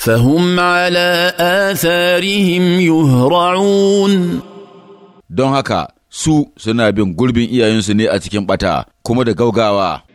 فهم على آثارهم يهرعون don haka su suna bin gurbin iyayensu ne a cikin ɓata kuma da gaugawa